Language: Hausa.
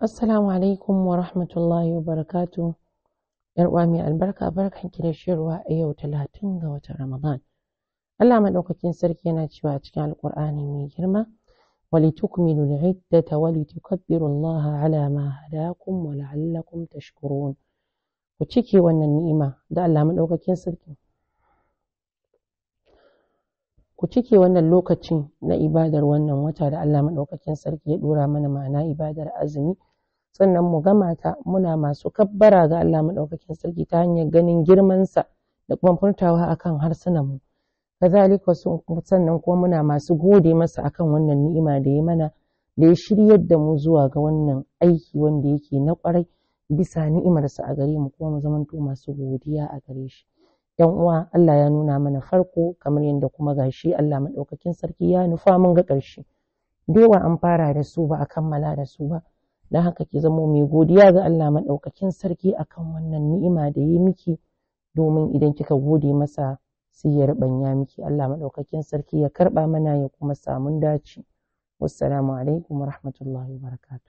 Assalamu alaikum wa rahmatullahi wa barakatu. uwa mai albarka barkan ki da shirwa a yau talatin ga watan Ramadan. Allah maɗaukakin sarki yana cewa cikin Alƙur'ani mai girma, wali tukmilu al-iddata wali tukabbiru Allah ala ma hadakum wa la'allakum tashkurun. Ku cike wannan ni'ima da Allah maɗaukakin sarki. Ku cike wannan lokacin na ibadar wannan wata da Allah maɗaukakin sarki ya ɗora mana ma'ana ibadar azumi. sannan mu gama ta muna masu kabbara ga Allah maɗaukakin sarki ta hanyar ganin girmansa da kuma furtawa akan harsunanmu kazalika sannan kuma muna masu gode masa akan wannan ni'ima da ya mana da ya shiryar da mu zuwa ga wannan aiki wanda yake na kwarai bisa ni'imarsa a gare mu kuma mu zamanto masu godiya a gare shi yan uwa Allah ya nuna mana farko kamar yadda kuma gashi Allah maɗaukakin sarki ya nufa mun ga ƙarshe da yawa an fara da su ba a kammala da su ba don haka ki zamo mai godiya ga Allah maɗaukakin sarki akan wannan ni'ima da yi miki domin idan kika gode masa sai ya rubanya miki Allah maɗaukakin sarki ya karɓa mana ya kuma samun dace wassalamu alaikum warahmatullahi wabarakatuh